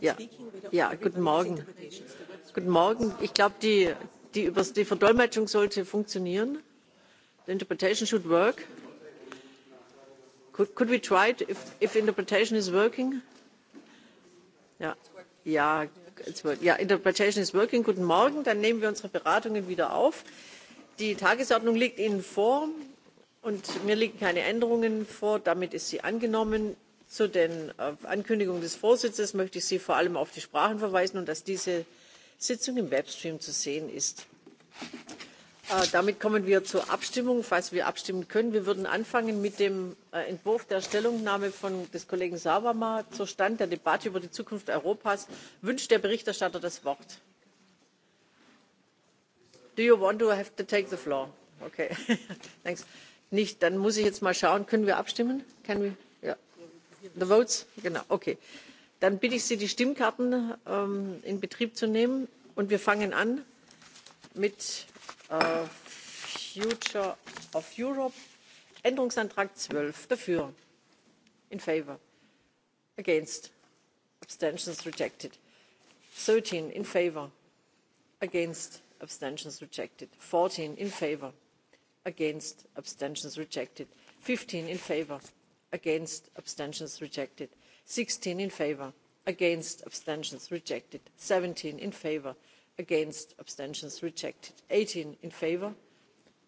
Ja, ja guten Morgen. Guten Morgen. Ich glaube, die, die, über, die Verdolmetschung sollte funktionieren. The interpretation should work. Could, could we try it if, if interpretation is working? Ja, ja, it's work. ja, interpretation is working. Guten Morgen. Dann nehmen wir unsere Beratungen wieder auf. Die Tagesordnung liegt Ihnen vor und mir liegen keine Änderungen vor. Damit ist sie angenommen. Zu den äh, Ankündigungen des Vorsitzes möchte ich Sie vor allem auf die Sprachen verweisen und dass diese Sitzung im Webstream zu sehen ist. Äh, damit kommen wir zur Abstimmung, falls wir abstimmen können. Wir würden anfangen mit dem äh, Entwurf der Stellungnahme von, des Kollegen Sawama zur Stand der Debatte über die Zukunft Europas. Wünscht der Berichterstatter das Wort? Do you want to have to take the floor? Okay, thanks. Nicht, dann muss ich jetzt mal schauen. Können wir abstimmen? Can we? the votes genau okay dann bitte ich sie die stimmkarten ähm, in betrieb zu nehmen und wir fangen an mit äh, future of europe änderungsantrag zwölf dafür in favour against abstentions rejected thirteen in favour against abstentions rejected fourteen in favour against abstentions rejected fifteen in favour against abstentions rejected 16 in favour against abstentions rejected seventeen in favour against abstentions rejected eighteen in favour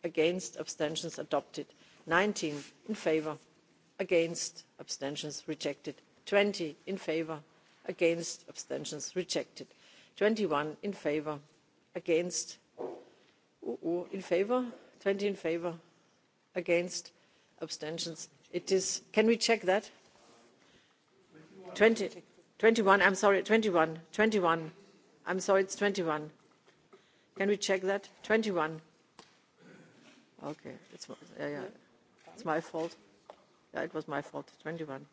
against abstentions adopted nineteen in favour against abstentions rejected twenty in favour against abstentions rejected one in favour against in favour twenty in favour against abstentions it is can we check that twenty 21 i'm sorry 21 21 i'm sorry it's 21 can we check that 21 okay it's yeah, yeah. it's my fault yeah it was my fault 21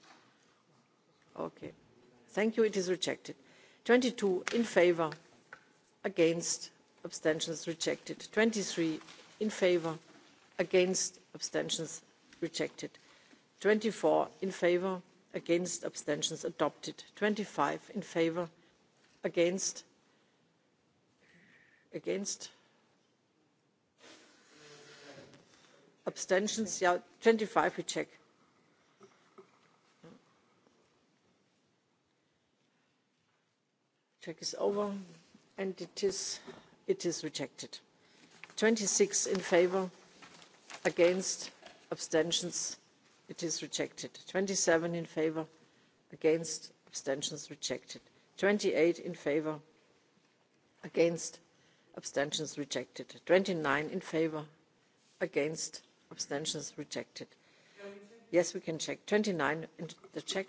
okay thank you it is rejected 22 in favor against abstentions rejected 23 in favor against abstentions rejected twenty four in favour against abstentions adopted twenty five in favour against against abstentions twenty five we check check is over and it is it is rejected twenty six in favour against abstentions it is rejected 27 in favour, against abstentions rejected 28 in favour. against abstentions rejected 29 in favour, against abstentions rejected yes we can check 29 in the check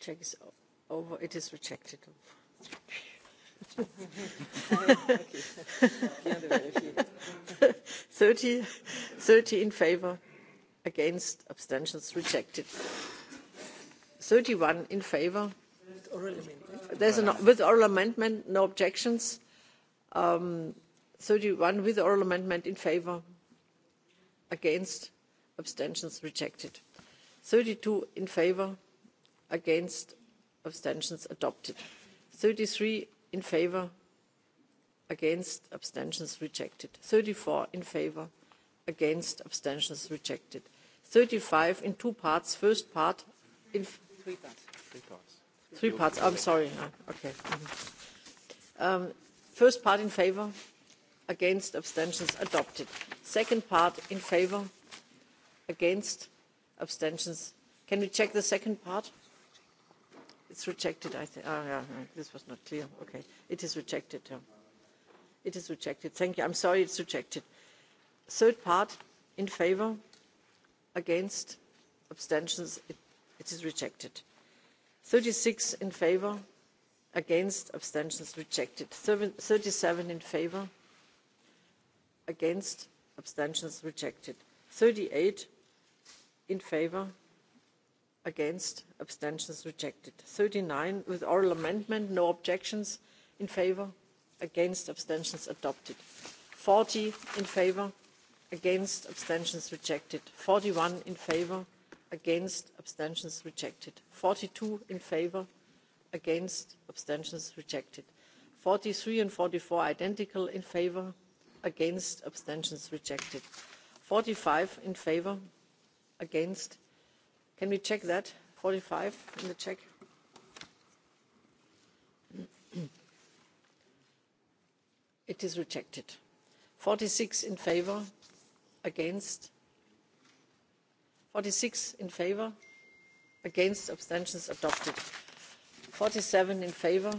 check is over it is rejected 30, 30 in favor, against, abstentions rejected. 31 in favor. There's an, with oral amendment, no objections. Um, 31 with oral amendment in favor, against, abstentions rejected. 32 in favor, against, abstentions adopted. 33 in favor against abstentions rejected 34 in favor against abstentions rejected 35 in two parts first part in three parts three parts, three parts. i'm sorry uh, okay mm-hmm. um, first part in favor against abstentions adopted second part in favor against abstentions can we check the second part It's rejected, I think. Oh, yeah, this was not clear. Okay. It is rejected. Yeah. It is rejected. Thank you. I'm sorry it's rejected. Third part, in favor, against, abstentions, it, it is rejected. 36 in favor, against, abstentions, rejected. 37 in favor, against, abstentions, rejected. 38 in favor, against abstentions rejected 39 with oral amendment no objections in favour, against abstentions adopted 40 in favour, against abstentions rejected 41 in favour, against abstentions rejected 42 in favour, against abstentions rejected 43 and 44 identical in favour, against abstentions rejected 45 in favour, against Can we check that? 45 in the check. It is rejected. 46 in favor, against. 46 in favor, against, abstentions adopted. 47 in favor,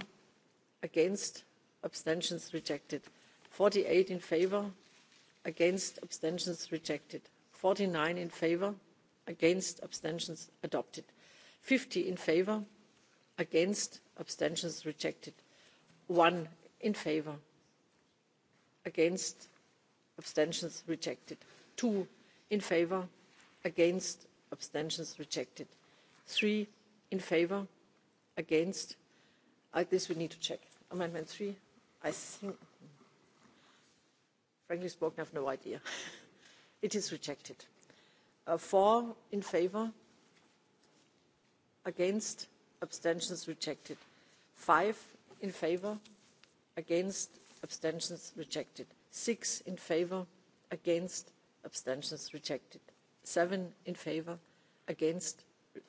against, abstentions rejected. 48 in favor, against, abstentions rejected. 49 in favor, against abstentions adopted fifty in favour against abstentions rejected one in favour against abstentions rejected two in favour against abstentions rejected three in favour against this we need to check amendment three i think hmm. frankly spoken i have no idea it is rejected Uh, four in favour against abstentions rejected five in favour against abstentions rejected six in favour against abstentions rejected seven in favour against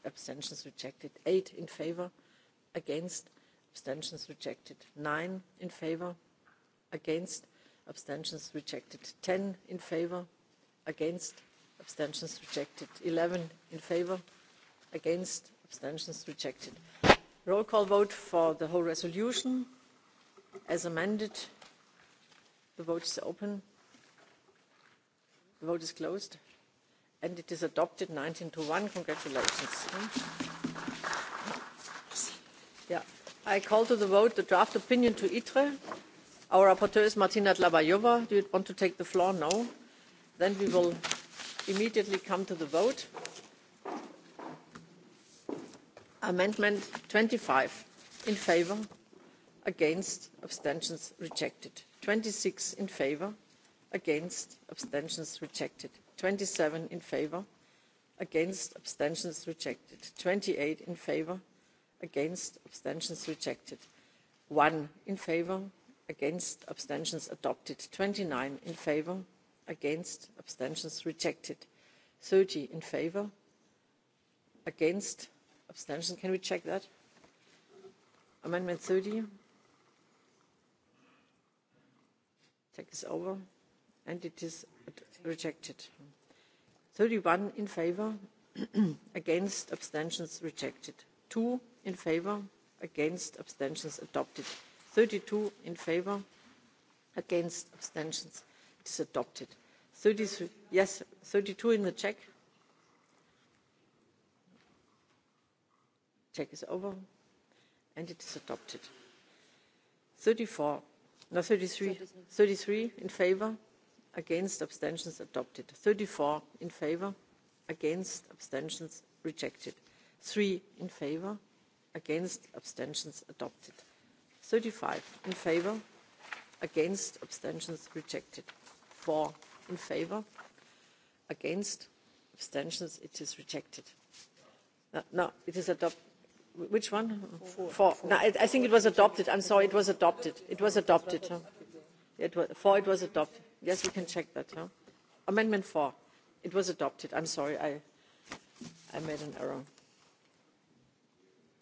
abstentions rejected eight in favour against abstentions rejected nine in favour against abstentions rejected ten in favour against abstentions rejected 11 in favour, against abstentions rejected roll call vote for the whole resolution as amended the vote is open the vote is closed and it is adopted 19 to 1 congratulations yeah i call to the vote the draft opinion to itre our rapporteur is martina dlabajov do you want to take the floor? no then we will immediately come to the vote. amendment 25 in favour against abstentions rejected 26 in favour against abstentions rejected 27 in favour against abstentions rejected 28 in favour against abstentions rejected 1 in favour against abstentions adopted 29 in favour against abstentions rejected 30 in favour against abstentions can we check that amendment thirty check is over and it is rejected one in favour against abstentions rejected two in favour against abstentions adopted two in favour against abstentions is adopted. thirty three yes thirty two in the check. check is over and it is adopted. thirty four no thirty three thirty three in favour against abstentions adopted thirty four in favour against abstentions rejected three in favour against abstentions adopted thirty five in favour against abstentions rejected for, in favor against abstentions it is rejected no, no it is adopted which one? Four. four. four. No, I, I think it was adopted. I'm sorry, it was adopted. It was adopted. Huh? It was, four, it was adopted. Yes, we can check that. Huh? Amendment four. It was adopted. I'm sorry, I, I made an error.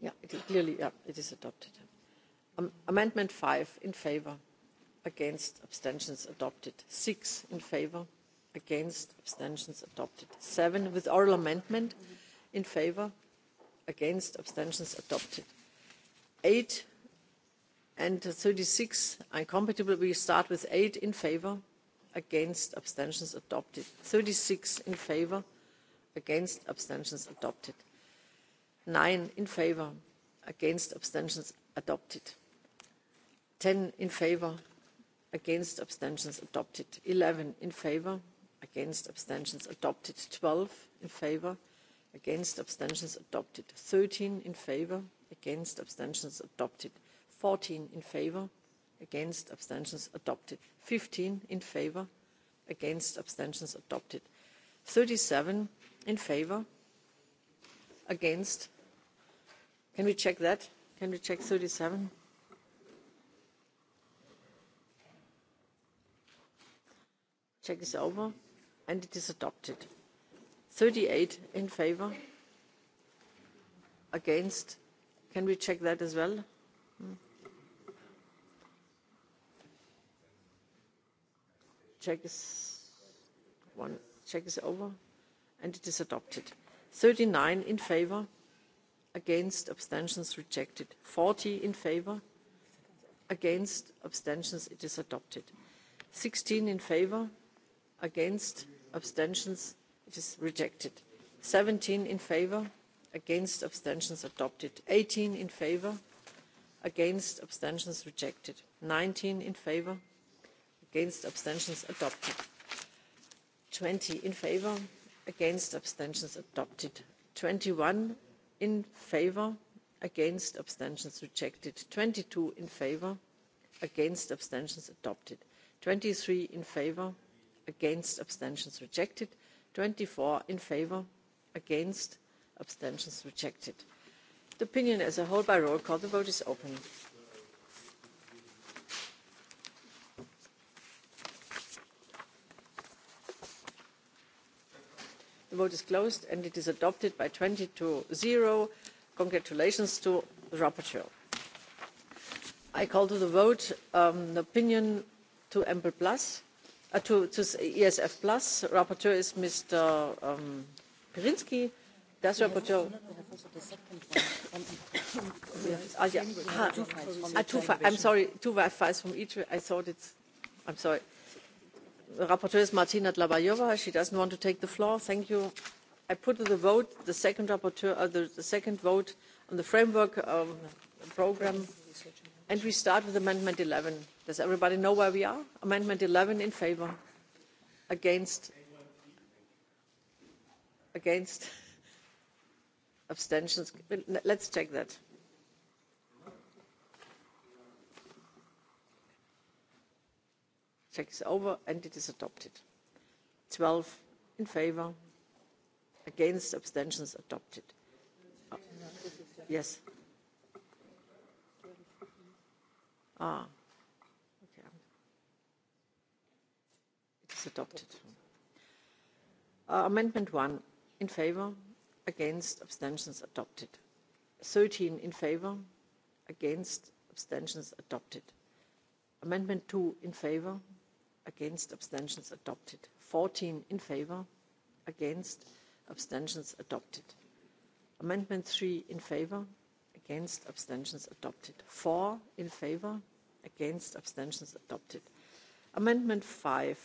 Yeah, it clearly, yeah, it is adopted. Um, amendment five in favor against abstentions adopted six in favour against abstentions adopted seven with oral amendment in favour against abstentions adopted eight and thirty six incompatible we start with eight in favour against abstentions adopted thirty six in favour against abstentions adopted nine in favour against abstentions adopted ten in favour against abstentions adopted eleven in favour against abstentions adopted twelve in favour against abstentions adopted thirteen in favour against abstentions adopted fourteen in favour against abstentions adopted fifteen in favour against abstentions adopted thirty seven in favour against can we check that can we check thirty seven? check is over and it is adopted 38 in favor against can we check that as well hmm. check is one check is over and it is adopted 39 in favor against abstentions rejected 40 in favor against abstentions it is adopted 16 in favor against abstentions it is rejected seventeen in favour against abstentions adopted eighteen in favour against abstentions rejected nineteen in favour against abstentions adopted twenty in favour against abstentions adopted twenty one in favour against abstentions rejected twenty two in favour against abstentions adopted twenty three in favour against abstentions rejected twenty four in favour against abstentions rejected the opinion as a whole by roll call the vote is open the vote is closed and it is adopted by twenty two zero congratulations to the rapporteur i call to the vote um, the opinion to ample plus uh, to, ESF Plus. Rapporteur is Mr. Um, Pirinski. That's rapporteur. ah, ah I'm sorry, two Wi-Fi's from each. I thought it's. I'm sorry. The rapporteur is Martina Dlabayova. She doesn't want to take the floor. Thank you. I put to the vote the second rapporteur, uh, the, the second vote on the framework um, program and we start with amendment 11. Does everybody know where we are? Amendment 11 in favour. Against? Against? Abstentions? Let's check that. Check is over and it is adopted. twelve in favour. Against? Abstentions? Adopted. Oh, yes. Ah, okay. It's adopted. Uh, amendment one in favor, against, abstentions adopted. 13 in favor, against, abstentions adopted. Amendment two in favor, against, abstentions adopted. 14 in favor, against, abstentions adopted. Amendment three in favor, against abstentions adopted four in favor against abstentions adopted amendment five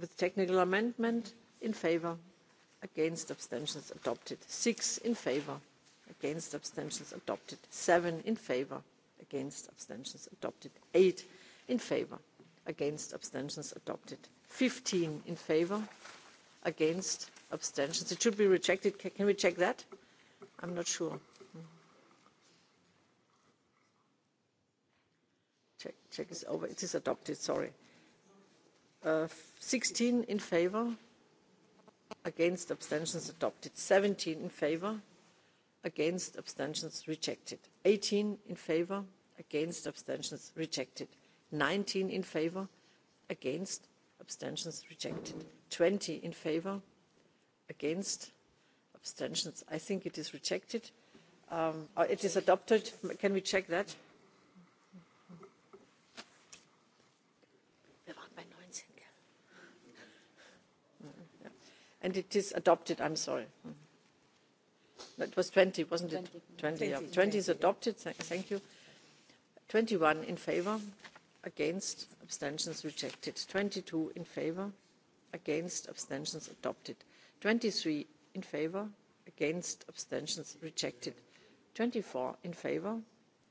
with technical amendment in favor against abstentions adopted six in favor against abstentions adopted seven in favor against abstentions adopted eight in favor against abstentions adopted 15 in favor against abstentions it should be rejected can we check that i'm not sure check is over it is adopted sorry 16 uh, in favour, against abstentions adopted 17 in favour, against abstentions rejected 18 in favour, against abstentions rejected 19 in favour, against abstentions rejected 20 in favour, against abstentions i think it is rejected um, uh, it is adopted can we check that and it is adopted i'm sorry That was 20 wasn't 20, it 20 20, yeah. 20, is adopted thank you 21 in favor against abstentions rejected 22 in favor against abstentions adopted 23 in favor against abstentions rejected 24 in favor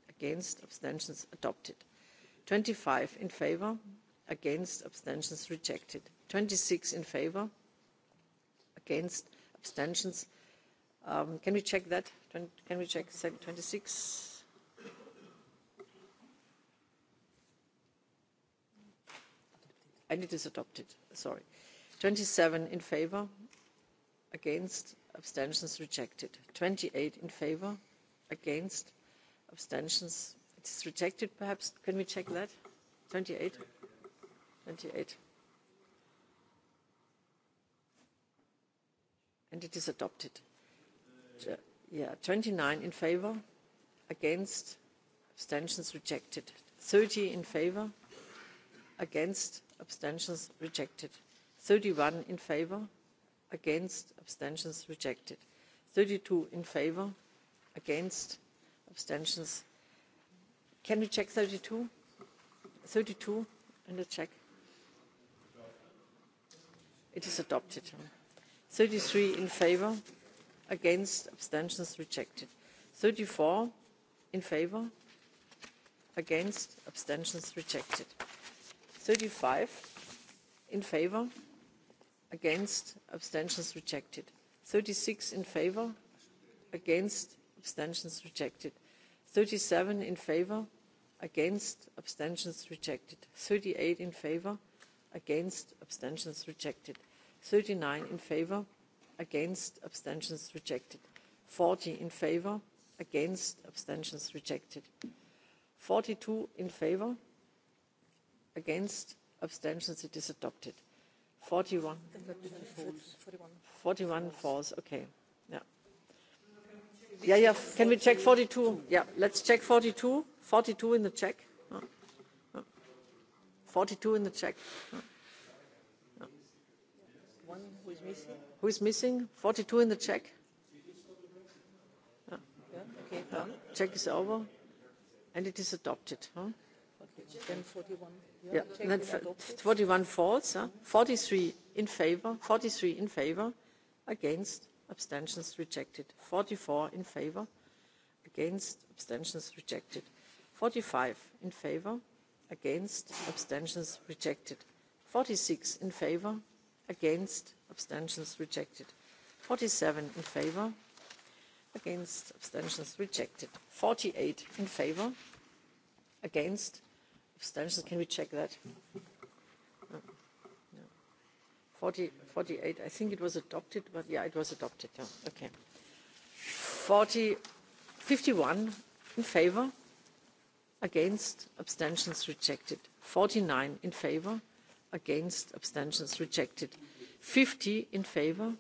against abstentions adopted 25 in favor against abstentions rejected 26 in favor against abstentions um, can we check that can we check 26 and it is adopted sorry 27 in favor against abstentions rejected 28 in favor against abstentions rejected perhaps can we check that 28 28 and it is adopted. Yeah, 29 in favor, against, abstentions rejected. 30 in favor, against, abstentions rejected. 31 in favor, against, abstentions rejected. 32 in favor, against, abstentions. Can we check 32? 32 in the check. It is adopted. 33 in favor against abstentions rejected 34 in favor against abstentions rejected 35 in favor against abstentions rejected 36 in favor against abstentions rejected 37 in favor against abstentions rejected 38 in favor against abstentions rejected 39 in favor against abstentions rejected 40 in favor against abstentions rejected 42 in favor against abstentions it is adopted 41 41 falls okay yeah yeah can we check 42 yeah let's check 42 42 in the check 42 in the check yeah who is missing? 42 in the check. Ah, okay, Check is over, and it is adopted. Huh? Then 41. Yeah, yeah. Then 41 falls. Huh? 43 in favor. 43 in favor. Against. Abstentions rejected. 44 in favor. Against. Abstentions rejected. 45 in favor. Against. Abstentions rejected. 46 in favor. Against abstentions rejected 47 in favour, against abstentions rejected 48 in favour, against abstentions can we check that no. forty 40, 48 i think it was adopted but yeah it was adopted yeah. okay fifty one in favour, against abstentions rejected 49 in favour, against abstentions rejected 50 in favor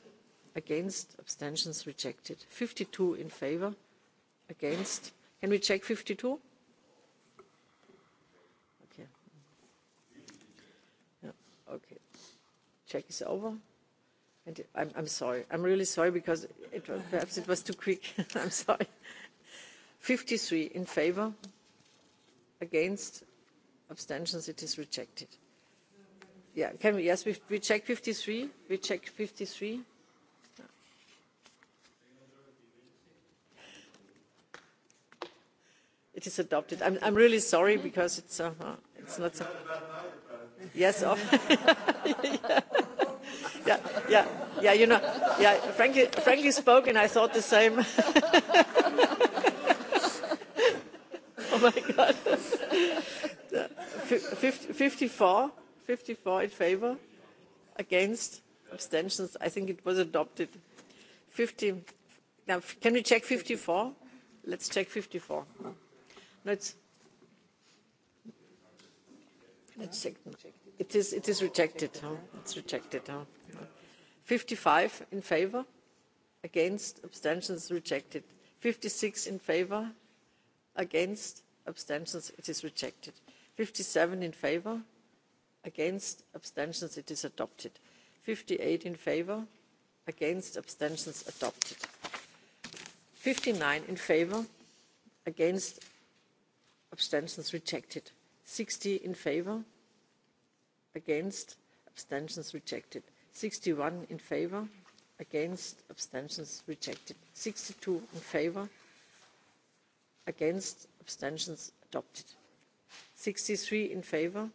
against abstentions rejected 52 in favor against can we check 52 okay yeah, okay check is over I'm, sorry i'm really sorry because perhaps it was too quick i'm sorry 53 in favor against abstentions it is rejected yeah can we yes we, we check 53 we check 53 it is adopted i'm, I'm really sorry because it's uh, uh it's not so yes of yeah. yeah yeah yeah you know yeah frankly frankly spoken i thought the same oh my god 54 54 in favor against abstentions i think it was adopted 50 now can we check 54 let's check 54 let's let's check it is it is rejected huh? it's rejected huh? 55 in favor against abstentions rejected 56 in favor against abstentions it is rejected 57 in favor against abstentions it is adopted fifty eight in favour against abstentions adopted fifty nine in favour against abstentions rejected sixty in favour against abstentions rejected sixty one in favour against abstentions rejected sixty two in favour against abstentions adopted sixty three in favour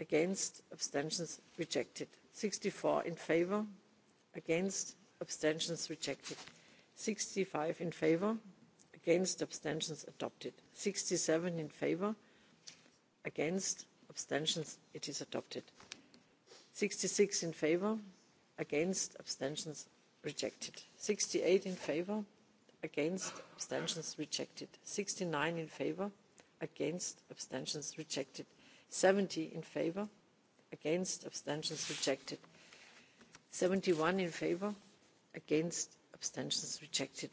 against abstentions rejected 64 in favor against abstentions rejected 65 in favor against abstentions adopted 67 in favor against abstentions it is adopted 66 in favor against abstentions rejected 68 in favor against abstentions rejected 69 in favor against abstentions rejected seventy in favour against abstentions rejected seventy one in favour against abstentions rejected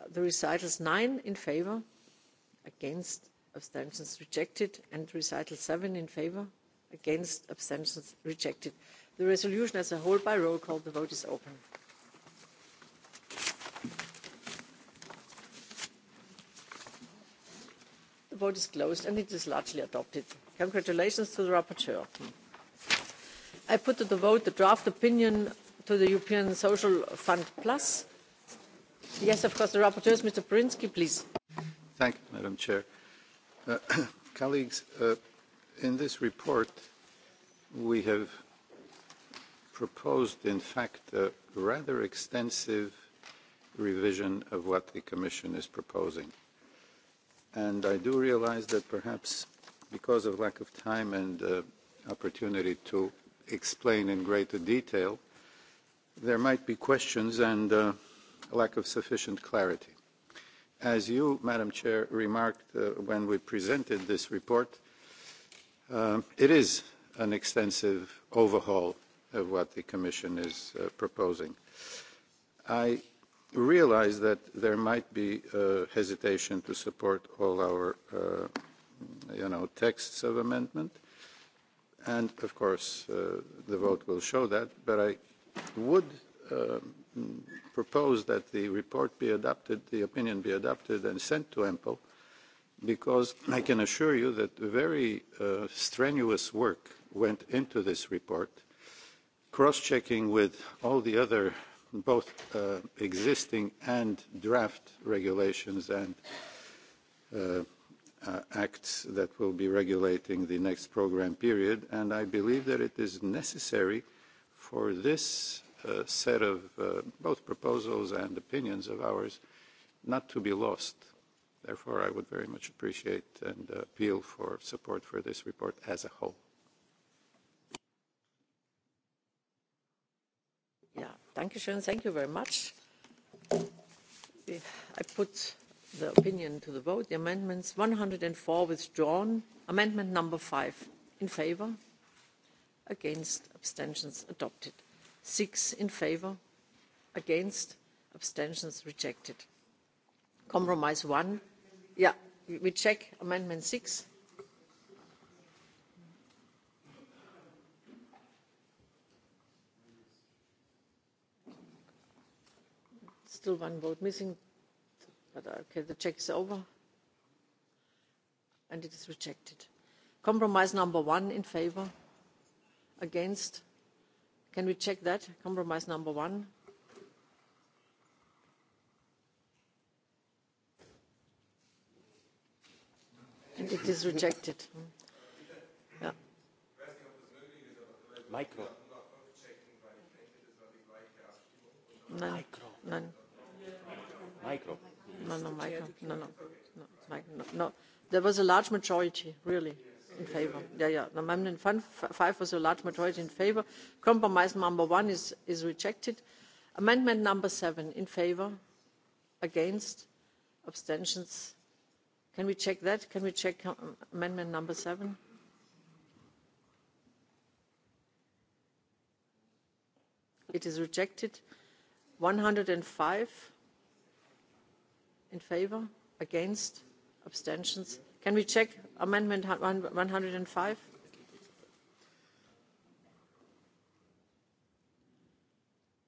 uh, the recitals nine in favour against abstentions rejected and recital seven in favour against abstentions rejected the resolution as a whole by roll call the vote is open the vote is closed and it is largely adopted. Congratulations to the rapporteur. I put to the vote the draft opinion to the European Social Fund Plus. Yes, of course, the rapporteur is Mr. Prinsky, please. Thank you, Madam Chair. Uh, colleagues, uh, in this report, we have proposed, in fact, a rather extensive revision of what the Commission is proposing. And I do realize that perhaps because of lack of time and uh, opportunity to explain in greater detail, there might be questions and uh, lack of sufficient clarity. As you, Madam Chair, remarked uh, when we presented this report, uh, it is an extensive overhaul of what the Commission is uh, proposing. I realize that there might be uh, hesitation to support all our uh, you know, texts of amendment. And of course, uh, the vote will show that. But I would uh, propose that the report be adopted, the opinion be adopted and sent to EMPO, because I can assure you that very uh, strenuous work went into this report, cross-checking with all the other both uh, existing and draft regulations and uh, Uh, acts that will be regulating the next program period, and I believe that it is necessary for this uh, set of uh, both proposals and opinions of ours not to be lost. Therefore, I would very much appreciate and appeal for support for this report as a whole. Yeah, thank you, Sean. Thank you very much. I put the opinion to the vote. The amendments 104 withdrawn. Amendment number 5 in favour. Against abstentions adopted. 6 in favour. Against abstentions rejected. Compromise 1. Yeah, we check amendment 6. Still one vote missing. But uh, okay, the check is over. And it is rejected. Compromise number one in favor. Against. Can we check that? Compromise number one. And it is rejected. Yeah. Micro. None. Micro. None. Micro. There was a large majority, really, in favor. Yeah, yeah. The amendment five was a large majority in favor. Compromise number one is, is rejected. Amendment number seven in favor, against, abstentions. Can we check that? Can we check um, amendment number seven? It is rejected. 105 in favour against abstentions can we check amendment one hundred and five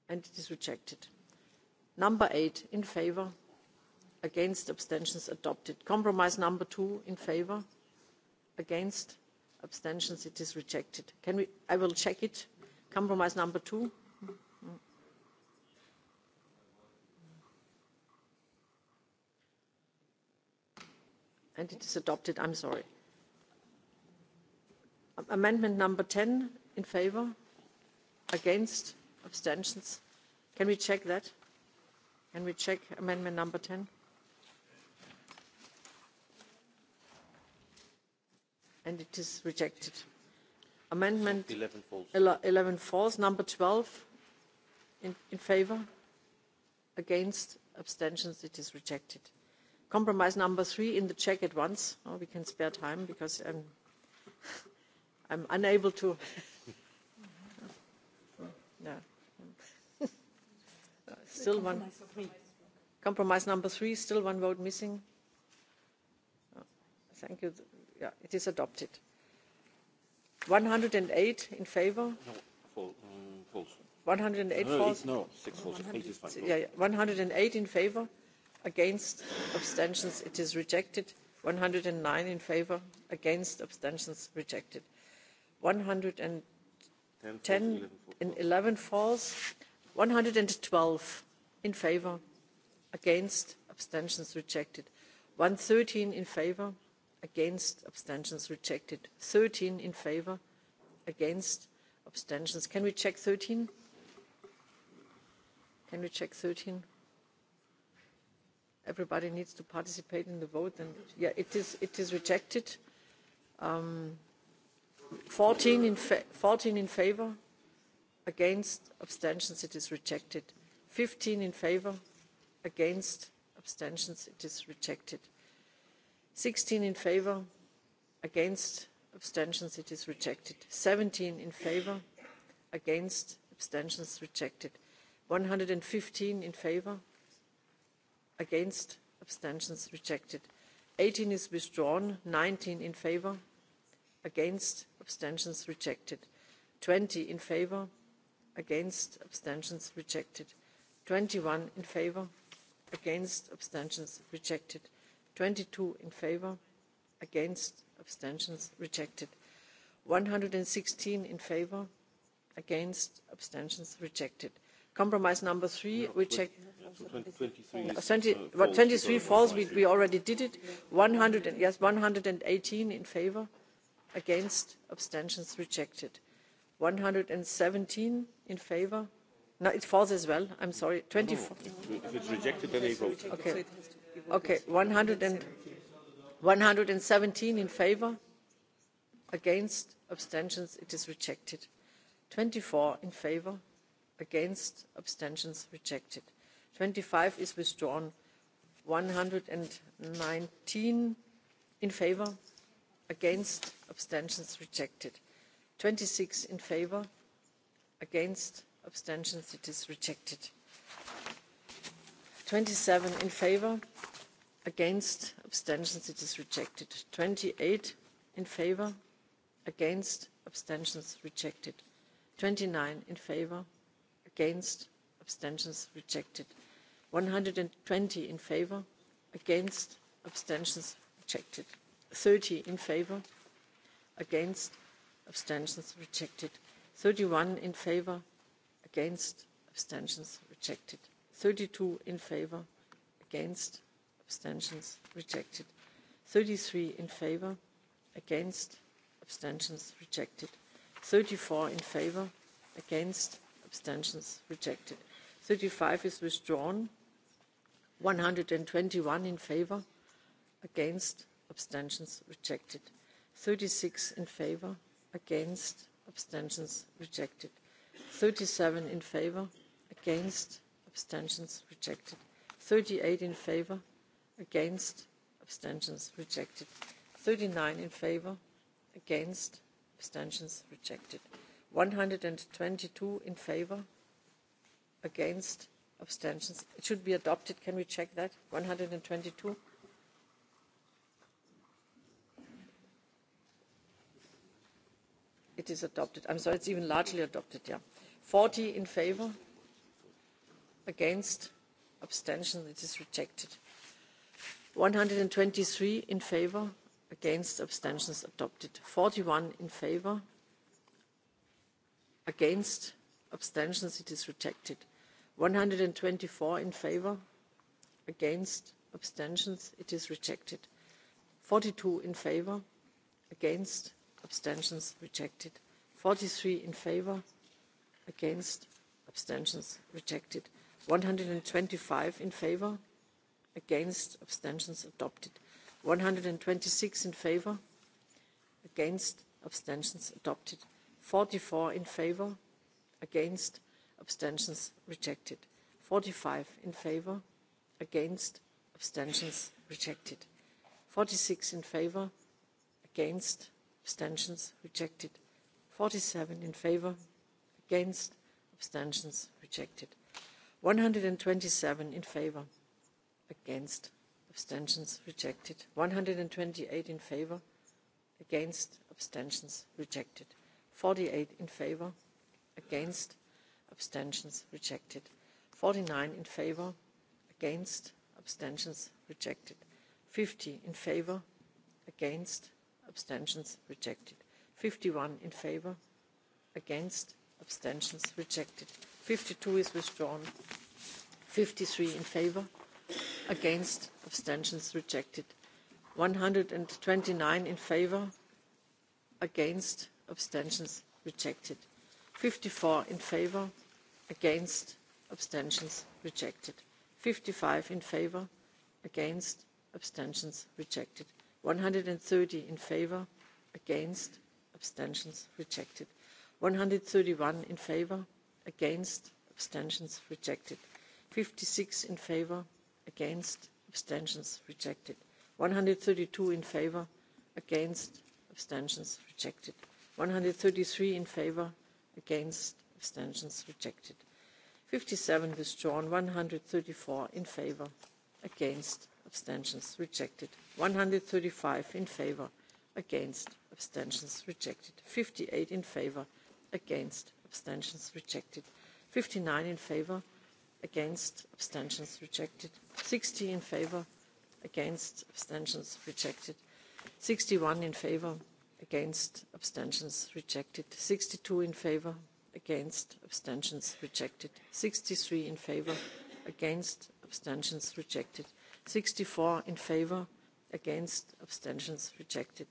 and it is rejected number eight in favour against abstentions adopted compromise number two in favour against abstentions it is rejected can we i will check it compromise number two and it is adopted i'm sorry amendment number 10 in favor against abstentions can we check that can we check amendment number 10 and it is rejected amendment 11 falls, 11 falls. number 12 in, in favor against abstentions it is rejected compromise number three in the czech at once oh, we can spare time because i'm, unable to still one compromise number three still one vote missing oh, thank you yeah it is adopted 108 in favor no, 108 mm, no, false no false is fine yeah, yeah 108 in favor against abstentions it is rejected 109 in favour against abstentions rejected eleven 10, one hundred and twelve in favour against abstentions rejected thirteen in favour against abstentions rejected thirteen in favour against abstentions can we check thirteen can we check thirteen? everybody needs to participate in the vote and yeah it is it is rejected um, 14 in fa 14 in favor against abstentions it is rejected 15 in favor against abstentions it is rejected 16 in favor against abstentions it is rejected 17 in favor against abstentions rejected 115 in favor against abstentions rejected 18 is withdrawn 19 in favor against abstentions rejected 20 in favor against abstentions rejected 21 in favor against abstentions rejected 22 in favor against abstentions rejected 116 in favor against abstentions rejected compromise number three we checked uh, twenty uh, twenty three falls we, we already did it hundred and, yes eighteen in favour against abstentions rejected seventeen in favour no it falls as well i'm sorry twenty four if it's rejected then they vote okay okay hundred and seventeen in favour against abstentions it is rejected four in favour against abstentions rejected 25 is withdrawn 119 in favor against abstentions rejected 26 in favor against abstentions it is rejected 27 in favor against abstentions it is rejected 28 in favor against abstentions rejected 29 in favor against abstentions rejected one hundred and twenty in favour against abstentions rejected thirty in favour against abstentions rejected thirty one in favour against abstentions rejected thirty two in favour against abstentions rejected thirty three in favour against abstentions rejected thirty four in favour against abstentions rejected 35 is withdrawn 121 in favor against abstentions rejected 36 in favor against abstentions rejected 37 in favor against abstentions rejected 38 in favor against abstentions rejected 39 in favor against abstentions rejected 122 in favor against abstentions it should be adopted can we check that 122 it is adopted i'm sorry it's even largely adopted yeah 40 in favor against abstention it is rejected 123 in favor against abstentions adopted 41 in favor against abstentions it is rejected one hundred and twenty four in favour against abstentions it is rejected forty two in favour against abstentions rejected forty three in favour against abstentions rejected one hundred and twenty five in favour against abstentions adopted one hundred and twenty six in favour against abstentions adopted 44 in favour against abstentions rejected 45 in favour against abstentions rejected 46 in favour against abstentions rejected 47 in favour against abstentions rejected 127 in favour against abstentions rejected 128 in favour against abstentions rejected 48 in favor against abstentions rejected 49 in favor against abstentions rejected 50 in favor against abstentions rejected 51 in favor against abstentions rejected 52 is withdrawn 53 in favor against abstentions rejected 129 in favor against abstentions rejected fifty four in favour against abstentions rejected fifty five in favour against abstentions rejected one hundred and thirty in favour against abstentions rejected one hundred and thirty one in favour against abstentions rejected fifty six in favour against abstentions rejected one hundred and thirty two in favour against abstentions rejected 133 in favour against abstentions rejected 57 withdrawn 134 in favour against abstentions rejected 135 in favour against abstentions rejected 58 in favour against abstentions rejected 59 in favour against abstentions rejected 60 in favour against abstentions rejected 61 in against abstentions rejected 62 in favor against abstentions rejected 63 in favor against abstentions rejected 64 in favor against abstentions rejected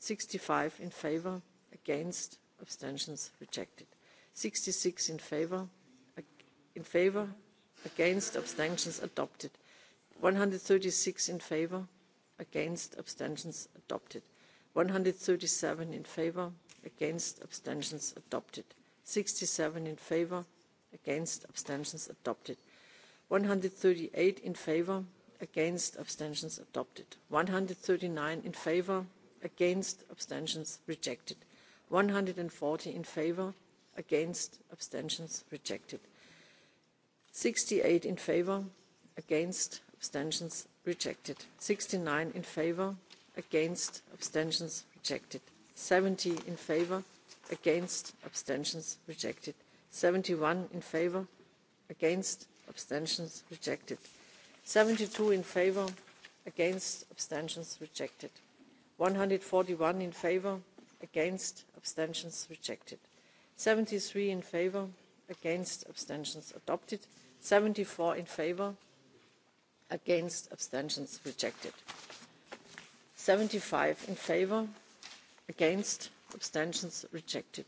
65 in favor against abstentions rejected 66 in favor in favor against abstentions adopted 136 in favor against abstentions adopted one hundred 137 in favor against abstentions adopted 67 in favor against abstentions adopted one hundred 138 in favor against abstentions adopted one hundred 139 in favor against abstentions rejected one 140 in favor against abstentions rejected 68 in favor against abstentions rejected 69 in favor against abstentions rejected seventy in favour against abstentions rejected seventy one in favour against abstentions rejected seventy two in favour against abstentions rejected one hundred forty one in favour against abstentions rejected seventy three in favour against abstentions adopted seventy four in favour against abstentions rejected seventy five in favour against abstentions rejected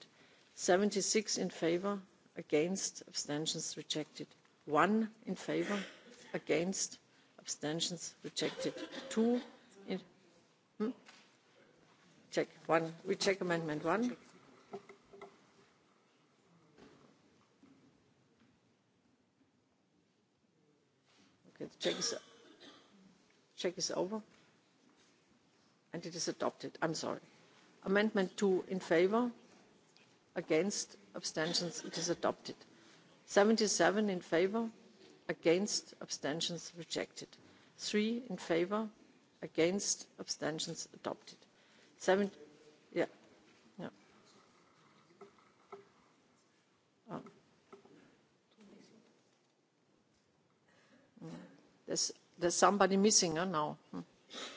seventy six in favour against abstentions rejected one in favour against abstentions rejected two in hmm? check one we check amendment one okay the check is over and it is adopted. I'm sorry. Amendment two in favour, against, abstentions, it is adopted. Seventy-seven in favour, against, abstentions, rejected. Three in favour, against, abstentions, adopted. Seven. yeah, yeah. Oh. There's, there's somebody missing huh, now. Hmm.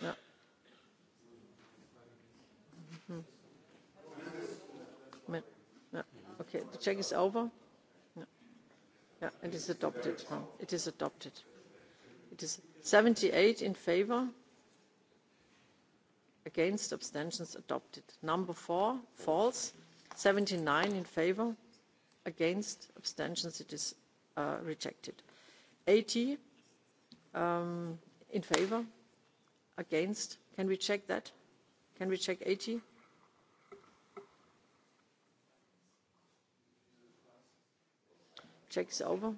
Yeah. Okay, the check is over. No. Yeah, it is adopted. No, it is adopted. It is 78 in favor. Against abstentions adopted. Number four, false. 79 in favor. Against abstentions, it is uh, rejected. 80 um, in favor. Against. Can we check that? Can we check 80? Check's over.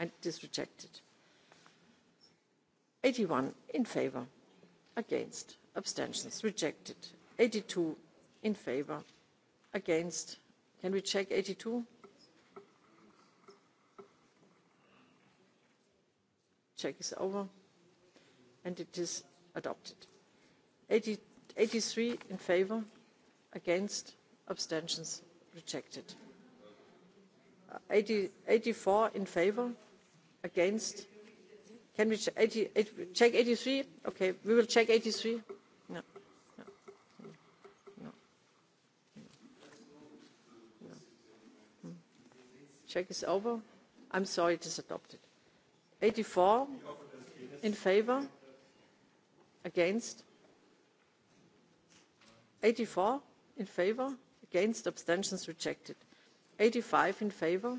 And it is rejected. 81 in favor. Against. Abstentions. Rejected. 82 in favor. Against. Can we check 82? Check is over. And it is adopted. 80, 83 in favor. Against. Abstentions. Rejected eighty 84 in favor against can we check eighty three check 83 okay we will check 83 no. No. No. check is over i'm sorry it is adopted 84 in favor against 84 in favor against abstentions rejected eighty five in favour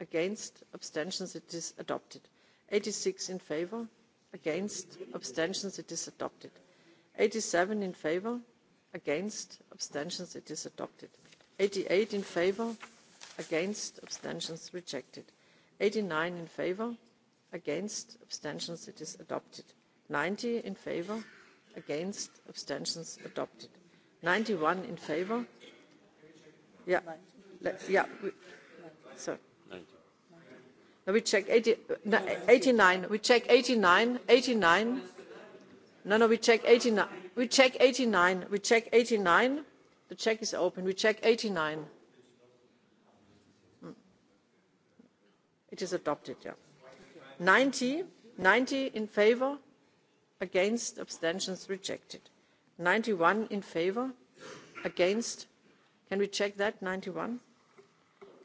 against abstentions it is adopted eighty six in favour against abstentions it is adopted eighty seven in favour against abstentions it is adopted eighty eight in favour against abstentions rejected eighty nine in favour against abstentions it is adopted ninety in favour against abstentions adopted ninety one in favour yeah. We, We check 89. We check 89. 89. No, no, we check 89. We check 89. We check 89. The check is open. We check 89. Hmm. It is adopted, yeah. 90, 90 in favor, against, abstentions rejected. 91 in favor, against. Can we check that? 91.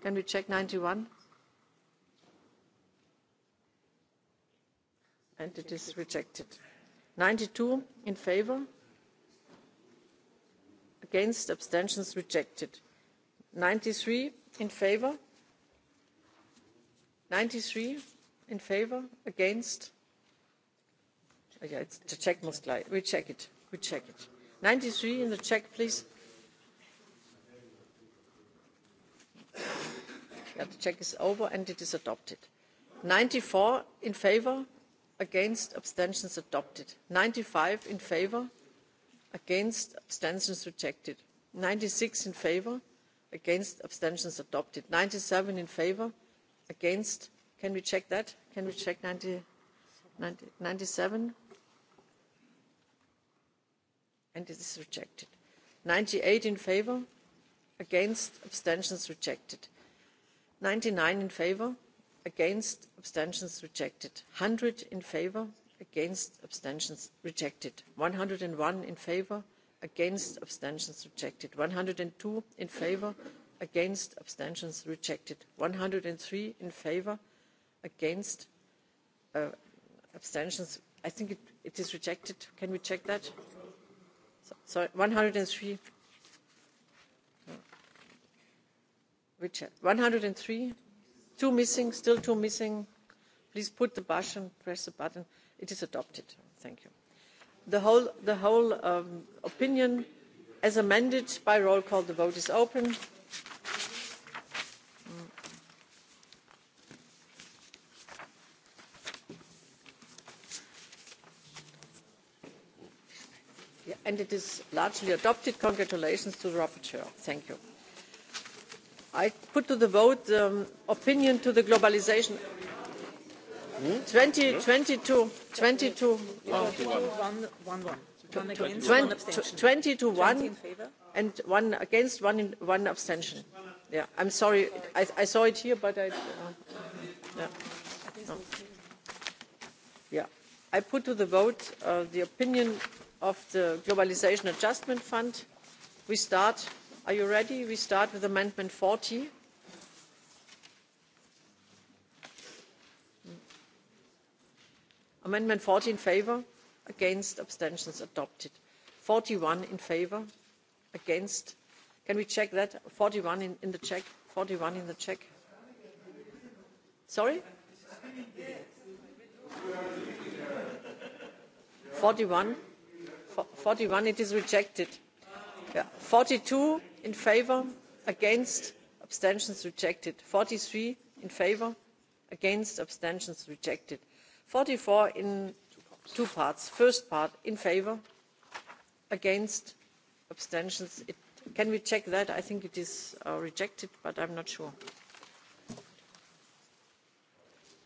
Can we check 91? And it is rejected. 92 in favor? Against, abstentions rejected. 93 in favor? 93 in favor? Against? oh Yeah, it's, the check must lie. We check it. We check it. 93 in the check, please. yeah, the check is over and it is adopted. 94 in favour against abstentions adopted 95 in favour against abstentions rejected 96 in favour against abstentions adopted 97 in favour against can we check that can we check 90, 90, 97 and it is rejected 98 in favour against abstentions rejected ninety nine in favour against abstentions rejected one hundred in favour against abstentions rejected one hundred and one in favour against abstentions rejected one hundred and two in favour against abstentions rejected one hundred and three in favour against uh, abstentions i think it, it is rejected can we check that so, so 103 one hundred and three two missing still two missing please put the button press the button it is adopted thank you the whole the whole um, opinion as amended by roll call the vote is open mm. yeah, and it is largely adopted congratulations to the rapporteur thank you I put to the vote the um, opinion to the Globalisation Hmm? 20, no? 22, 22. Oh. 1, One 20, one abstention. 20 to one and one against, one, in, one abstention. Yeah, I'm sorry, I, I saw it here, but I. Uh, yeah. I put to the vote uh, the opinion of the Globalisation Adjustment Fund. We start. Are you ready? We start with Amendment 40. Amendment 40 in favour, against, abstentions adopted. 41 in favour, against. Can we check that? 41 in, in the check. 41 in the check. Sorry? 41. 41, it is rejected. Yeah. 42 in favor, against, abstentions rejected. 43 in favor, against, abstentions rejected. 44 in two parts. First part in favor, against, abstentions. It, can we check that? I think it is uh, rejected, but I'm not sure.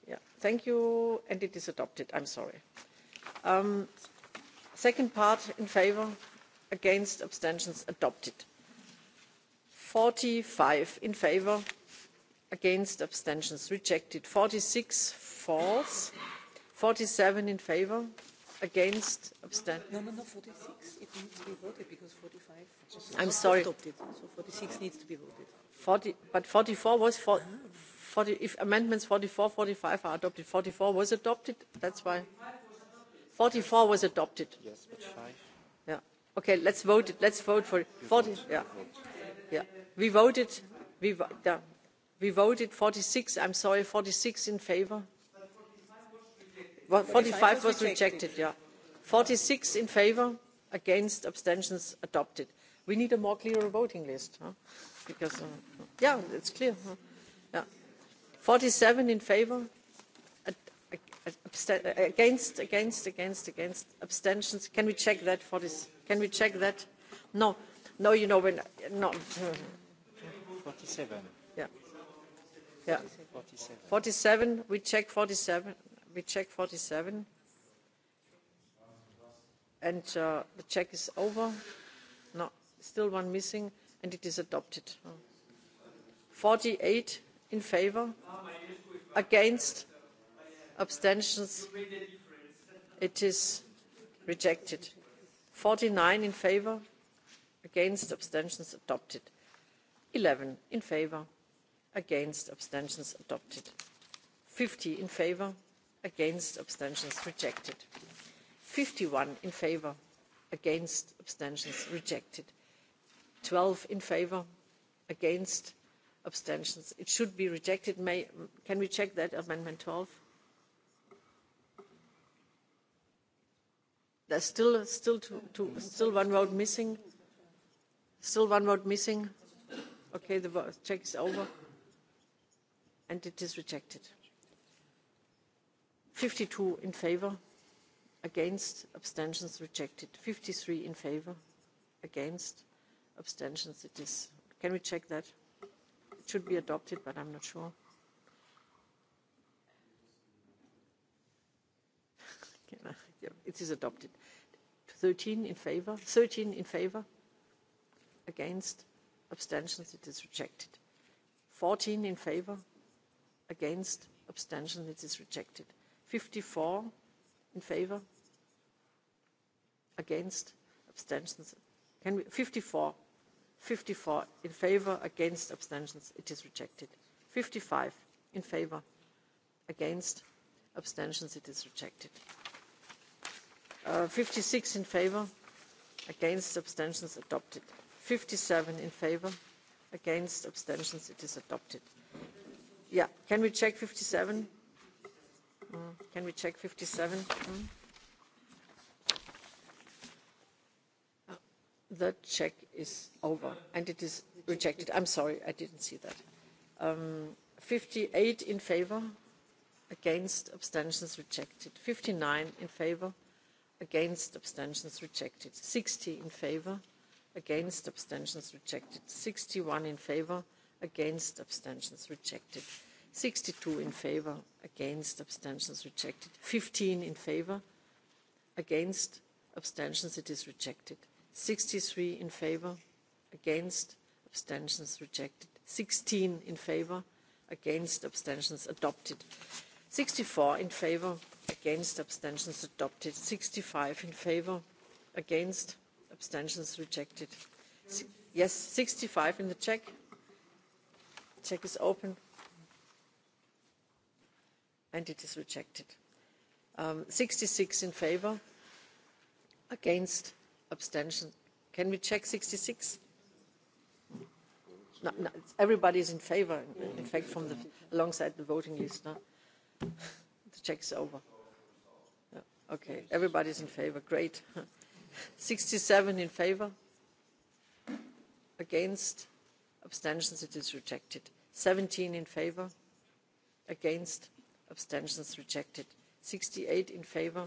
Yeah, thank you, and it is adopted. I'm sorry. Um, second part in favor, against abstentions adopted forty five in favour against abstentions rejected forty six false forty seven in favour against abstentions no, no, no, 46. It needs to be voted because 45 i'm sorry adopted, so 46 needs to be was for, 40, if amendments forty 45 are adopted 44 was adopted that's why 44 was adopted yes but five Okay, let's vote it. Let's vote for it. 40, yeah. Yeah. We voted, we, yeah. we voted 46, I'm sorry, 46 in favor. Well, 45 was rejected, yeah. 46 in favor, against, abstentions adopted. We need a more clearer voting list, huh? because, uh, yeah, it's clear. Huh? Yeah. 47 in favor, against, against, against, against, abstentions. Can we check that for this? Can we check that? No, no, you know when no. 47. Yeah. Yeah. 47. 47. We check 47. We check 47. And uh, the check is over. No, still one missing, and it is adopted. 48 in favour, against, abstentions. It is rejected. 49 in favour against abstentions adopted in favour against abstentions adopted 50 in favour against abstentions rejected 51 in favour against abstentions rejected 12 in favour against abstentions it should be rejected can we check that amendment There's still, still, to, to, still one vote missing. Still one vote missing. Okay, the vote, check is over. And it is rejected. 52 in favor, against, abstentions rejected. 53 in favor, against, abstentions it is. Can we check that? It should be adopted, but I'm not sure. Ah, it is adopted. 13 in favor. 13 in favor. Against. Abstentions. It is rejected. 14 in favor. Against. Abstentions. It is rejected. 54 in favor. Against. Abstentions. Can we, 54. 54 in favor. Against. Abstentions. It is rejected. 55 in favor. Against. Abstentions. It is rejected. Uh, 56 in favor, against abstentions adopted. 57 in favor, against abstentions it is adopted. Yeah, can we check 57? Mm. Can we check 57? Mm. Uh, the check is over and it is rejected. I'm sorry, I didn't see that. Um, 58 in favor, against abstentions rejected. 59 in favor, against abstentions rejected sixty in favour against abstentions rejected sixty one in favour against abstentions rejected sixty two in favour against abstentions rejected fifteen in favour against abstentions it is rejected sixty three in favour against abstentions rejected sixteen in favour against abstentions adopted sixty four in favour against abstentions adopted 65 in favour against abstentions rejected yes 65 in the check check is open and it is rejected um, six in favour against abstention can we check 66 no, no, everybody is in favour, in fact from the alongside the voting list now the check is over Okay, everybody's in favor. Great. 67 in favor. Against. Abstentions. It is rejected. 17 in favor. Against. Abstentions rejected. 68 in favor.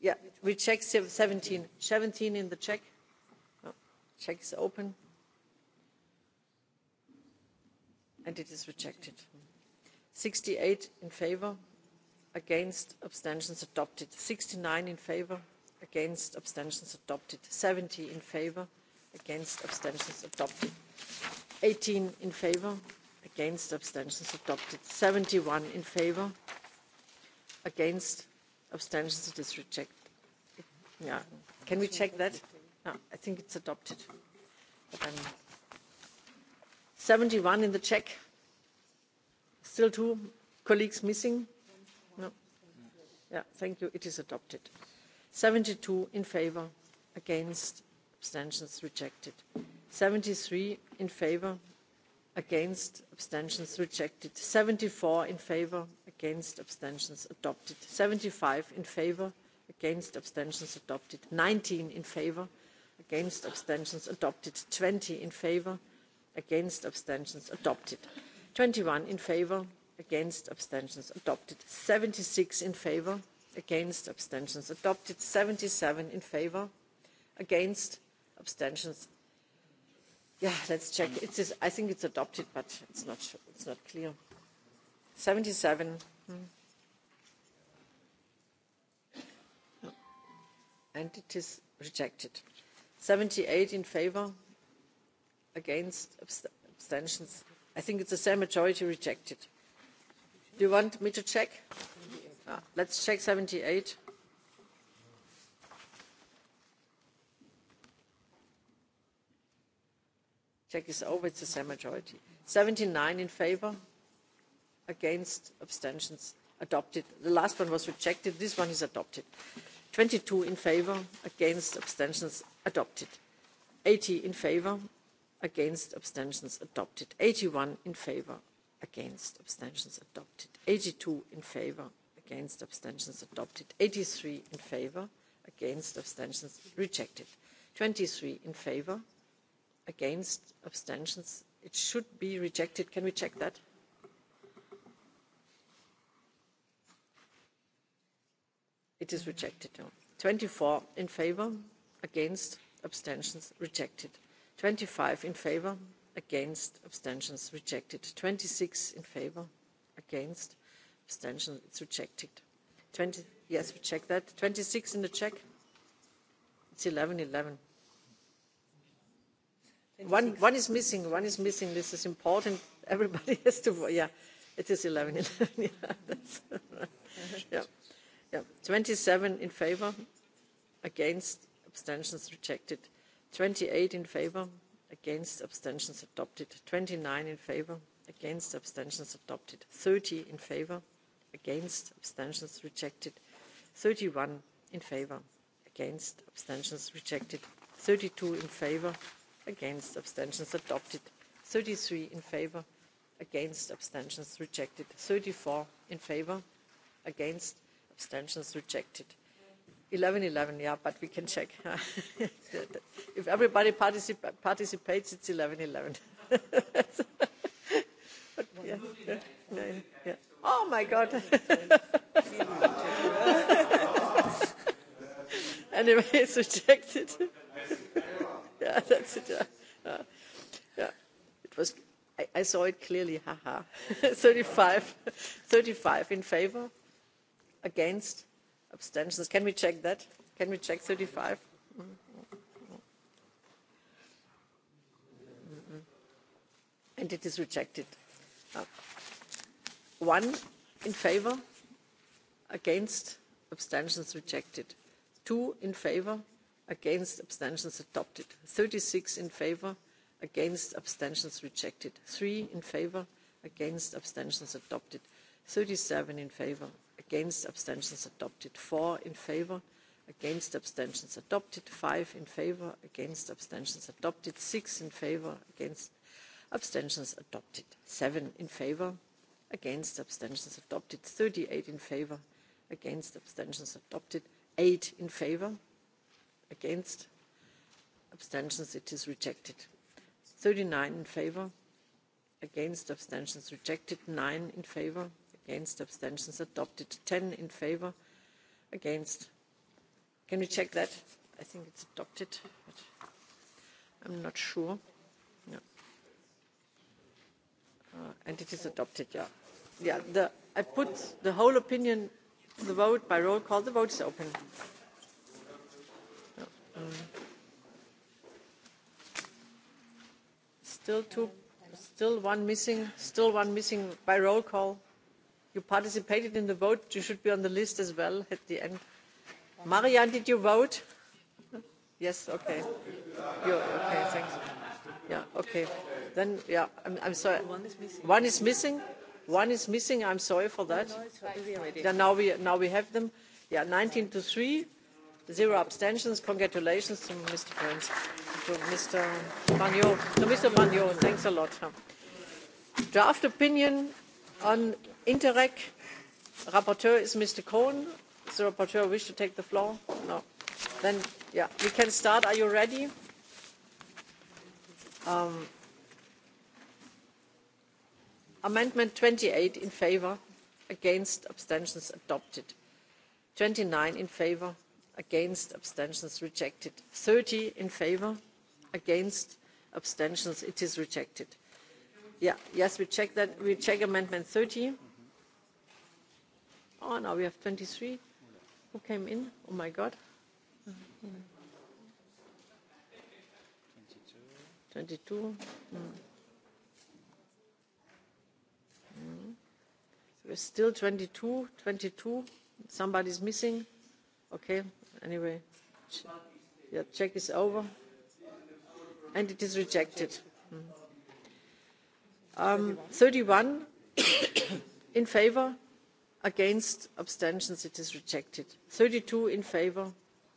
Yeah, we check 17. 17 in the check. Oh, check is open. And it is rejected. 68 in favor against abstentions adopted sixty nine in favour against abstentions adopted seventy in favour against abstentions adopted eighteen in favour against abstentions adopted seventy one in favour against abstentions it is rejected yeah can we check that no, i think it's adopted but i'm 71 in the check still two colleagues missing yeah thank you it is adopted 72 in favor against abstentions rejected 73 in favor against abstentions rejected 74 in favor against abstentions adopted 75 in favor against abstentions adopted 19 in favor against abstentions adopted 20 in favor against abstentions adopted 21 in favor against abstentions adopted seventy six in favour against abstentions adopted seventy seven in favour against abstentions yeah let's check it is i think it's adopted but it's not it's not clear 77 hmm. and it is rejected seventy eight in favour against abst abstentions i think it's the same majority rejected Do you want me to check? Ah, let's check 78. Check is over. It's the same majority. 79 in favor, against, abstentions, adopted. The last one was rejected. This one is adopted. 22 in favor, against, abstentions, adopted. 80 in favor, against, abstentions, adopted. 81 in favor, against abstentions adopted 82 in favor against abstentions adopted 83 in favor against abstentions rejected 23 in favor against abstentions it should be rejected can we check that it is rejected 24 in favor against abstentions rejected 25 in favor against abstentions rejected twenty six in favor against abstentions it's rejected twenty yes we check that twenty six in the check it's eleven eleven one one is missing one is missing this is important everybody has to vote yeah it is eleven 11 yeah, that's, yeah. yeah seven in favor against abstentions rejected twenty eight in favor against abstentions adopted 29 in favour against abstentions adopted 30 in favour against abstentions rejected 31 in favour against abstentions rejected 32 in favour against abstentions adopted 33 in favour against abstentions rejected 34 in favour against abstentions rejected eleven eleven yeah but we can check if everybody particip participates it's eleven eleven yeah, yeah, yeah, yeah. oh my god anyway it's rejected yeah that's it yeah. Uh, yeah it was I, I saw it clearly haha 35 35 in favor against abstentions can we check that can we check 35 and it is rejected uh, one in favor against abstentions rejected two in favor against abstentions adopted 36 in favor against abstentions rejected three in favor against abstentions adopted 37 in favor against abstentions adopted four in favour against abstentions adopted five in favour against abstentions adopted six in favour against abstentions adopted seven in favour against abstentions adopted thirty eight in favour against abstentions adopted eight in favour against abstentions it is rejected thirty nine in favour against abstentions rejected nine in favour against abstentions adopted 10 in favor against can we check that i think it's adopted but i'm not sure no. uh, and it is adopted yeah yeah the i put the whole opinion to the vote by roll call the vote is open no. um, still two still one missing still one missing by roll call you participated in the vote you should be on the list as well at the end. marianne did you vote? yes okay. You're, okay thanks. yeah okay then yeah i'm, I'm sorry one is missing one is missing, one is missing. i'm sorry for that no, no, yeah, now we now we have them yeah 19 to 3 zero abstentions congratulations to mr prince to mr Bagnon, to mr Bagnon. thanks a lot draft opinion on interreg rapporteur is mr cohn. does the rapporteur wish to take the floor? no. then yeah, we can start. are you ready? Um, amendment twenty eight in favour against abstentions adopted twenty nine in favour against abstentions rejected thirty in favour against abstentions it is rejected. Yeah, yes we check that we check amendment thirty Oh, now we have 23. Who came in? Oh my God. 22. Mm. Mm. There's still 22. 22. Somebody's missing. Okay. Anyway, the check is over, and it is rejected. Mm. Um, 31 in favor against abstentions it is rejected thirty two in favour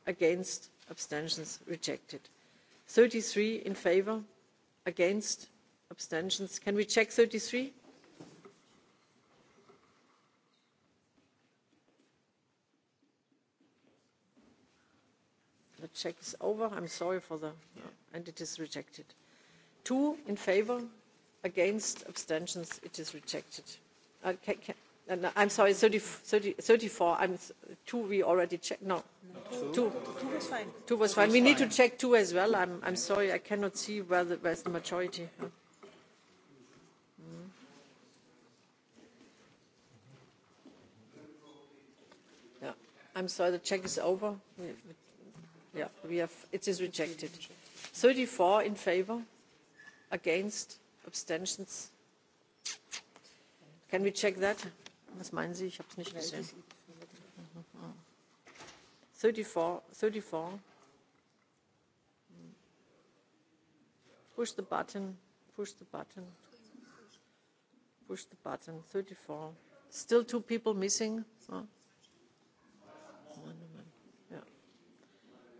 against abstentions rejected thirty three in favour against abstentions can we check thirty three the check is over i'm sorry for the and it is rejected two in favour against abstentions it is rejected okay uh, can, Uh, I'm sorry, 30, 30, 34. I'm two. We already checked. No, no. Two. Two. two was fine. Two was fine. We need to check two as well. I'm, I'm sorry. I cannot see where the, where's the majority. Hmm. Yeah. I'm sorry. The check is over. Yeah, we have. It is rejected. 34 in favor, against, abstentions. Can we check that? Was meinen Sie? Ich habe es nicht gesehen. 34, 34. Push the button, push the button, push the button, 34. Still two people missing? Huh?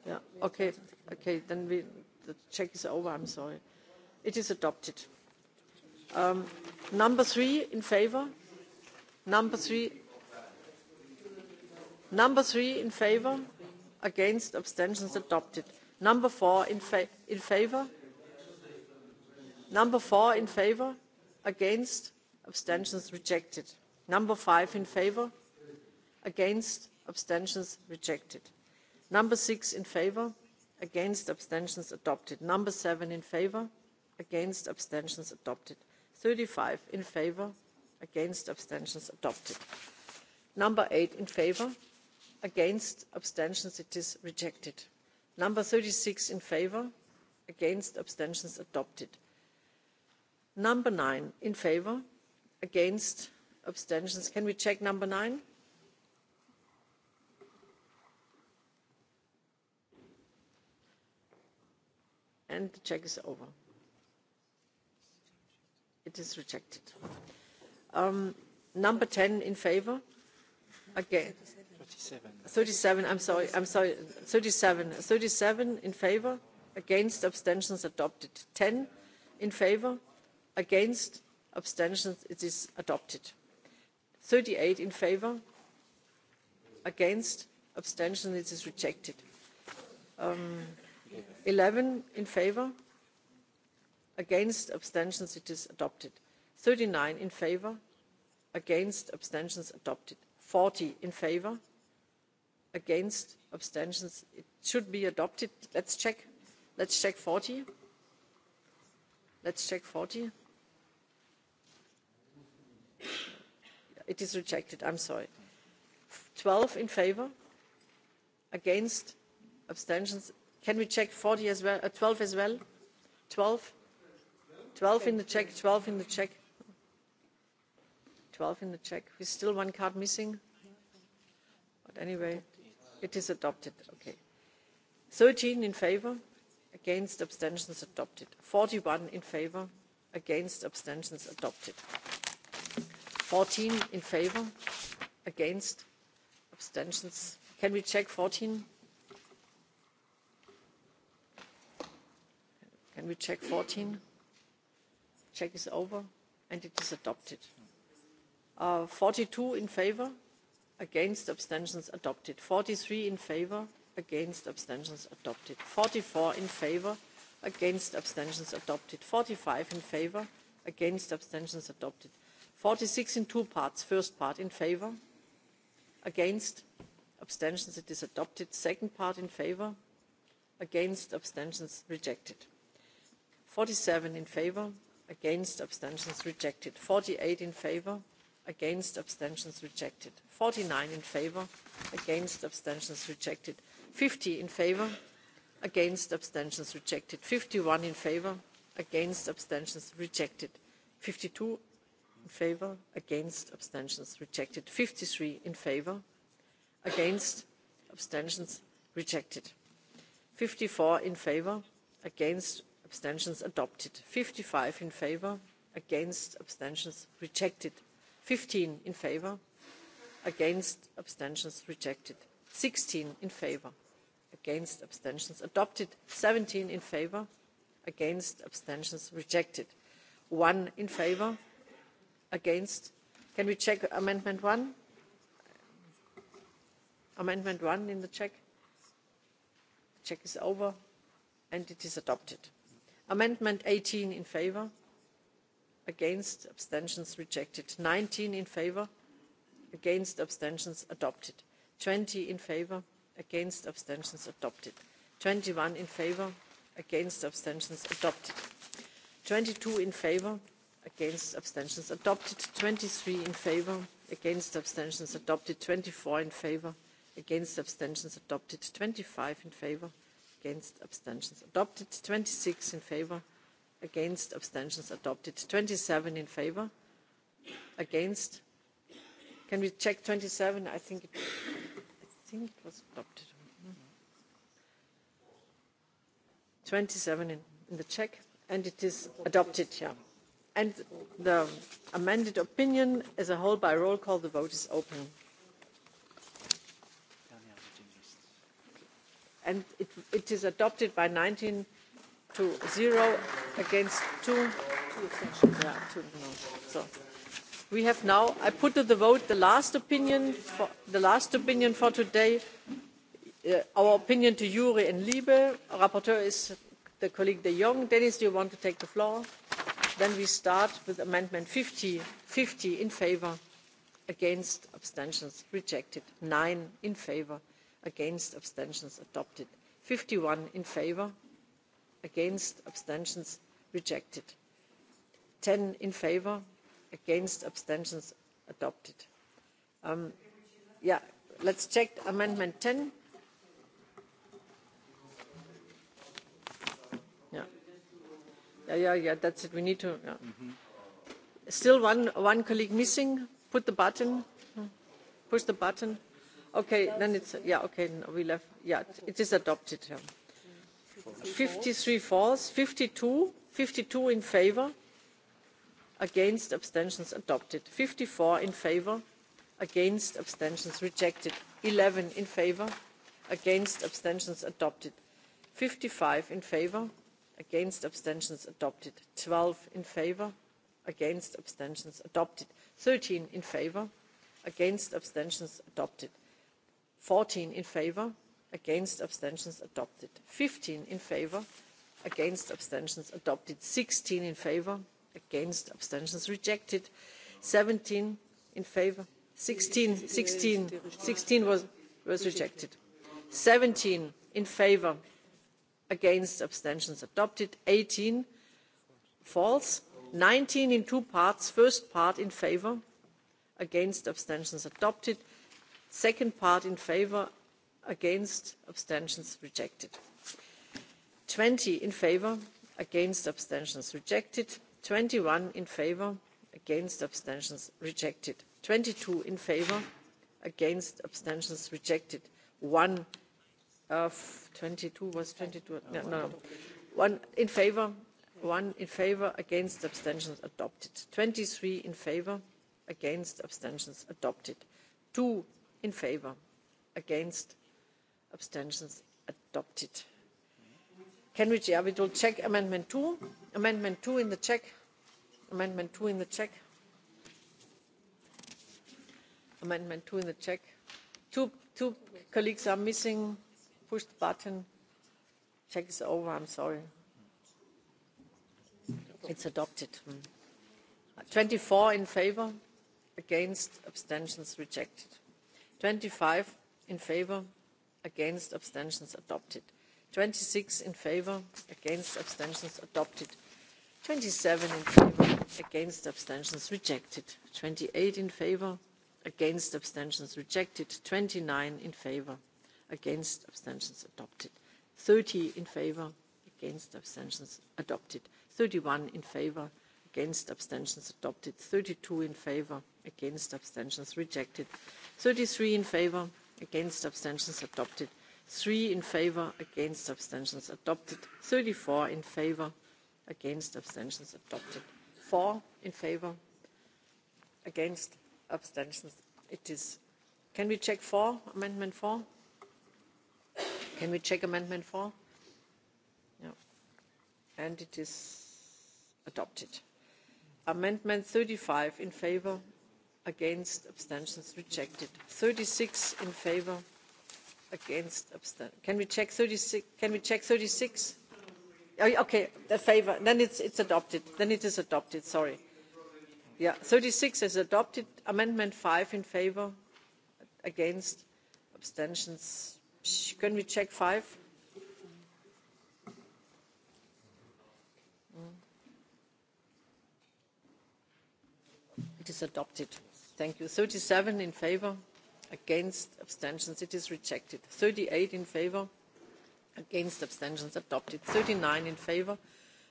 Yeah, okay, okay, then we, the check is over, I'm sorry. It is adopted. Um, number three in favor? number three number three in favour against abstentions adopted number four in, fa in favour number four in favour against abstentions rejected number five in favour against abstentions rejected number six in favour against abstentions adopted number seven in favour against abstentions adopted thirty five in favour against abstentions adopted number eight in favour against abstentions it is rejected number thirty six in favour against abstentions adopted number nine in favour against abstentions can we check number nine? and the check is over. it is rejected. Um, number 10 in favour, Again. 37. 37, I'm sorry, I'm sorry. 37. 37 in favour, Against? Abstentions adopted. 10 in favour, Against? Abstentions? It is adopted. 38 in favour. Against? abstentions It is rejected. Um, eleven 11 in favour. Against? Abstentions? It is adopted. 39 in favour against abstentions adopted forty in favour against abstentions it should be adopted let's check let's check forty let's check forty it is rejected i'm sorry twelve in favour against abstentions can we check forty as well uh, twelve as well twelve twelve in the check twelve in the check 12 in the check. Is still one card missing? But anyway, it is adopted. Okay. 13 in favor, against abstentions adopted. 41 in favor, against abstentions adopted. 14 in favor, against abstentions. Can we check 14? Can we check 14? Check is over and it is adopted. Uh, 42 in favour against abstentions adopted. forty three in favour against abstentions adopted. forty four in favour against abstentions adopted. forty five in favour against abstentions adopted. forty six in two parts. First part in favour against abstentions it is adopted. Second part in favour against abstentions rejected. forty seven in favour against abstentions rejected. forty eight in favour against abstentions rejected forty nine in favor against abstentions rejected fifty in favor against abstentions rejected fifty one in favor against abstentions rejected fifty two in favor against abstentions rejected fifty three in favor against abstentions rejected fifty four in favor against abstentions adopted fifty five in favor against abstentions rejected fifteen in favour against abstentions rejected sixteen in favour against abstentions adopted seventeen in favour against abstentions rejected one in favour against can we check amendment one amendment one in the check check is over and it is adopted amendment eighteen in favour against abstentions rejected nineteen in favour against abstentions adopted twenty in favour against abstentions adopted twenty one in favour against abstentions adopted twenty two in favour against abstentions adopted twenty three in favour against abstentions adopted twenty four in favour against abstentions adopted twenty five in favour against abstentions adopted twenty six in favour against abstentions adopted twenty seven in favour against can we check twenty seven i think it, i think it was adopted twenty seven in, in the check and it is adopted here and the amended opinion as a whole by roll call the vote is open and it, it is adopted by nineteen to zero against two. Yeah, two no. So we have now. I put to the vote the last opinion. For, the last opinion for today. Uh, our opinion to Juri and Liebe. Rapporteur is the colleague De Jong. Dennis, do you want to take the floor? Then we start with amendment 50. 50 in favour, against abstentions rejected. Nine in favour, against abstentions adopted. 51 in favour, against abstentions rejected ten in favour against abstentions adopted um, yeah let's check amendment ten yeah yeah yeah, yeah that's it we need to yeah. mm -hmm. still one one colleague missing put the button push the button okay then it's yeah okay we left yeah it is adopted yeah. 53 false 52 52 in favor against abstentions adopted 54 in favor against abstentions rejected 11 in favor against abstentions adopted 55 in favor against abstentions adopted 12 in favor against abstentions adopted 13 in favor against abstentions adopted 14 in favor against abstentions adopted 15 in favour against abstentions adopted 16 in favour against abstentions rejected 17 in favour 16 16 sixteen was was rejected 17 in favour against abstentions adopted 18 false 19 in two parts first part in favour against abstentions adopted second part in favour against abstentions rejected twenty in favour against abstentions rejected twenty one in favour against abstentions rejected twenty two in favour against abstentions rejected one uh, twenty two was twenty two one in favour one in favour against abstentions adopted twenty three in favour against abstentions adopted two in favour against abstentions adopted. can we yeah, we check amendment two amendment two in the check amendment two in the check amendment two in the check two two colleagues are missing push the button check is over i'm sorry it's adopted 24 hmm. in favor against abstentions rejected 25 in favor against abstentions adopted twenty six in favour against abstentions adopted twenty seven in favour against abstentions rejected twenty eight in favour against abstentions rejected twenty nine in favour against abstentions adopted thirty in favour against abstentions adopted thirty one in favour against abstentions adopted thirty two in favour against abstentions rejected thirty three in favour against abstentions adopted three in favour against abstentions adopted thirty four in favour against abstentions adopted four in favour against abstentions it is can we check four amendment four can we check amendment four no and it is adopted amendment thirty five in favour against abstentions rejected thirty six in favour against can we check thirty six can we check thirty six oh, okay the favour then it's it's adopted then it is adopted sorry yeah thirty six is adopted amendment five in favour against abstentions can we check five mm. it is adopted thank you thirty seven in favour against abstentions it is rejected thirty eight in favour against abstentions adopted thirty nine in favour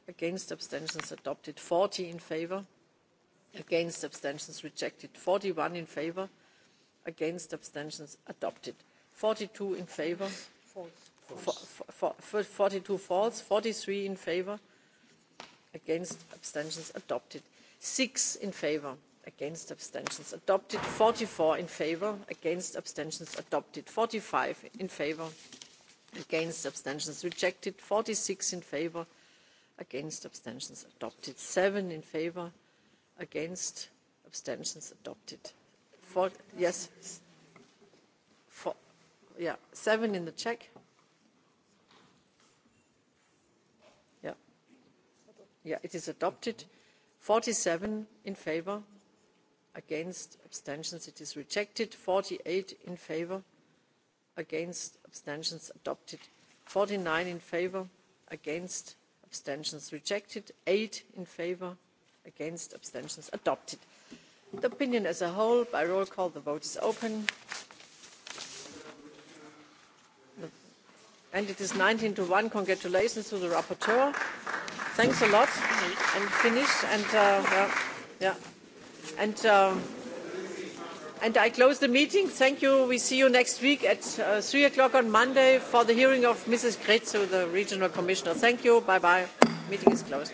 against abstentions adopted forty in favour against abstentions rejected forty one in favour against abstentions adopted forty six against abstentions adopted forty four in favour against abstentions adopted forty five in favour against abstentions rejected forty six in favour against abstentions adopted seven in favour against abstentions adopted Four, yes Four, yeah 7 in the check yeah yeah it is adopted forty seven in favour against abstentions it is rejected eight in favour against abstentions adopted 49 in favour against abstentions rejected 8 in favour against abstentions adopted the opinion as a whole by roll call the vote is open and it is nineteen to one congratulations to the rapporteur thanks a lot and finished and uh, yeah, yeah. And, um, and I close the meeting. Thank you. We see you next week at uh, o'clock on Monday for the hearing of Mrs. Kretzow, the Regional Commissioner. Thank you. Bye-bye. Meeting is closed.